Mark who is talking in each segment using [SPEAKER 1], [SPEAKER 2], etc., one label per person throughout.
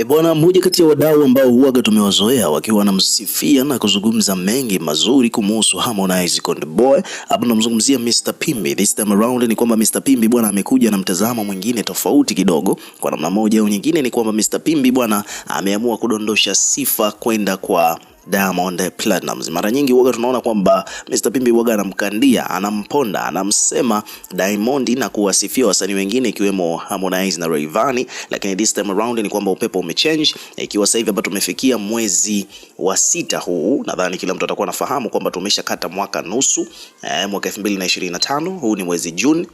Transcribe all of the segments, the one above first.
[SPEAKER 1] E bwana, mmoja kati ya wadau ambao huaga tumewazoea wakiwa wanamsifia na kuzungumza mengi mazuri kumuhusu Harmonize Konde Boy. Hapa namzungumzia Mr Pimbi. This time around ni kwamba Mr Pimbi bwana amekuja na mtazamo mwingine tofauti kidogo. Kwa namna moja au nyingine, ni kwamba Mr Pimbi bwana ameamua kudondosha sifa kwenda kwa Diamond Platnumz. Mara nyingi huaga tunaona kwamba Mr Pimbi huaga anamkandia, anamponda, anamsema Diamond na kuwasifia wasanii wengine ikiwemo Harmonize na Rayvanny, lakini this time around ni kwamba upepo umechange, eh, ikiwa sasa hivi hapa tumefikia mwezi wa sita huu, nadhani kila mtu atakuwa anafahamu kwamba tumeshakata mwaka nusu, eh, mwaka 2025 huu ni mwezi Juni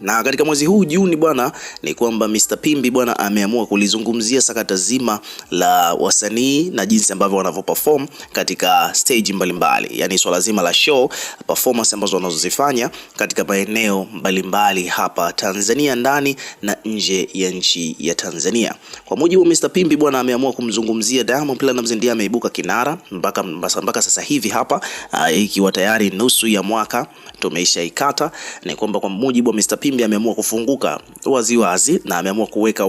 [SPEAKER 1] na katika mwezi huu Juni bwana, ni kwamba Mr Pimbi bwana ameamua kulizungumzia sakata zima la wasanii na jinsi ambavyo wanavyoperform katika stage mbalimbali mbali. Yaani swala zima la show performance ambazo wanazozifanya katika maeneo mbalimbali hapa Tanzania ndani na nje ya nchi ya Tanzania. Kwa mujibu wa Mr Pimbi bwana ameamua kumzungumzia Diamond Platnumz ndiye ameibuka kinara mpaka mpaka sasa hivi hapa ah, ikiwa tayari nusu ya mwaka tumeishaikata ni kwamba kwa mujibu wa Mr. Pimbi ameamua kufunguka wazi wazi na ameamua kuweka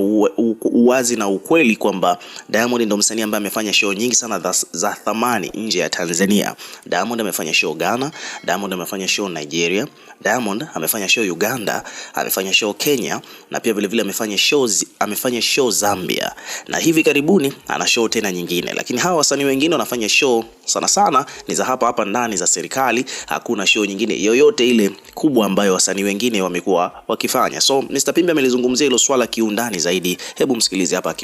[SPEAKER 1] uwazi na ukweli kwamba Diamond ndo msanii ambaye amefanya show nyingi sana za, za thamani nje ya Tanzania. Diamond amefanya show Ghana, Diamond amefanya show Nigeria, Diamond amefanya show Uganda, amefanya show Kenya na pia vile vile amefanya shows amefanya show Zambia na hivi karibuni ana show tena nyingine, lakini hawa wasanii wengine wanafanya show sana sana ni za hapa hapa ndani za serikali, hakuna show nyingine yoyote yote ile kubwa ambayo wasanii wengine wamekuwa wakifanya. So Mr Pimbe amelizungumzia hilo swala kiundani zaidi. Hebu msikilize hapa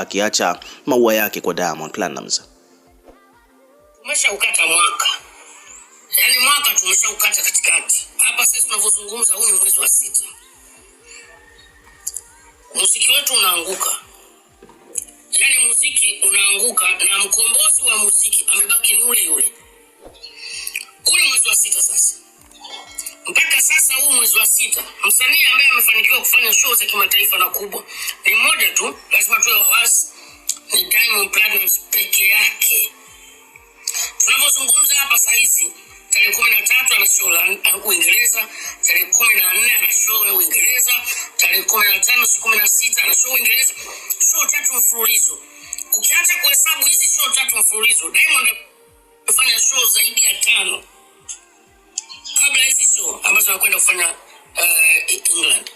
[SPEAKER 1] akiacha maua yake kwa Diamond Platnumz.
[SPEAKER 2] Tumeshaukata mwaka, yaani mwaka tumeshaukata katikati hapa. Sisi tunavyozungumza, huyu mwezi wa sita, muziki wetu unaanguka, yaani muziki unaanguka, na mkombozi wa muziki amebaki ni yule yule mwezi wa sita. Msanii ambaye amefanikiwa kufanya show za kimataifa na kubwa ni mmoja tu, lazima tuwe wawazi, ni Diamond Platnumz peke yake. Tunavyozungumza hapa hizi, tarehe kumi na tatu ana show la Uingereza, tarehe kumi na nne ana show ya Uingereza, tarehe kumi na tano siku kumi na sita ana show Uingereza, show tatu mfululizo. Ukiacha kuhesabu hizi show tatu mfululizo, Diamond amefanya show zaidi ya tano wanaofanya uh, England.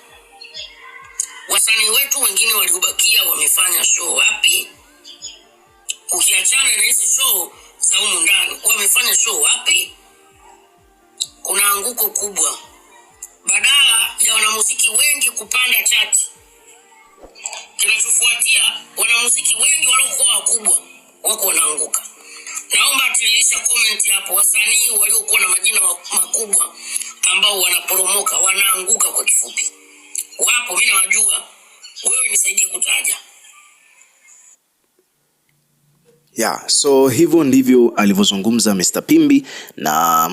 [SPEAKER 2] Wasanii wetu wengine waliobakia wamefanya show wapi? Ukiachana na hizi show za humu ndani, wamefanya show wapi? Kuna anguko kubwa, badala ya wanamuziki wengi kupanda chati, kinachofuatia wanamuziki wengi waliokuwa wakubwa wako wanaanguka. Naomba atililisha comment hapo, wasanii waliokuwa na majina makubwa ambao wanaporomoka wanaanguka. Kwa kifupi, wapo, mi nawajua. Wewe nisaidie kutaja.
[SPEAKER 1] Yeah, so hivyo ndivyo alivyozungumza Mr. Pimbi na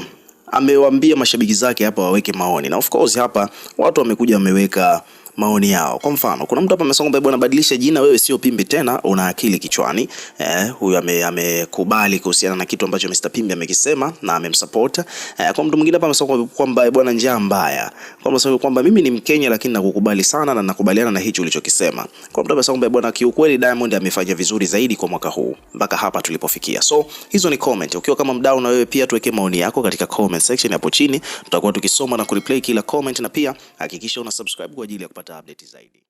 [SPEAKER 1] amewaambia mashabiki zake hapa waweke maoni, na of course hapa watu wamekuja wameweka maoni yao. Kwa mfano, kuna mtu hapa amesema kwamba bwana, badilisha jina, wewe sio Pimbi tena, una akili kichwani. Eh, huyu amekubali kuhusiana na kitu ambacho Mr Pimbi amekisema na amemsupport. Eh, kwa mtu mwingine hapa amesema kwamba eh, bwana, njaa mbaya, Kwa kwamba mimi ni Mkenya lakini nakukubali sana na nakubaliana na hicho ulichokisema. Kwa mtu amesema kwamba eh, bwana, kiukweli Diamond amefanya vizuri zaidi kwa mwaka huu mpaka hapa tulipofikia. So hizo ni comment. Ukiwa kama mdau, na wewe pia tuweke maoni yako katika comment section hapo chini, tutakuwa tukisoma na kureplay kila comment, na pia hakikisha una subscribe kwa ajili ya kupata tableti zaidi.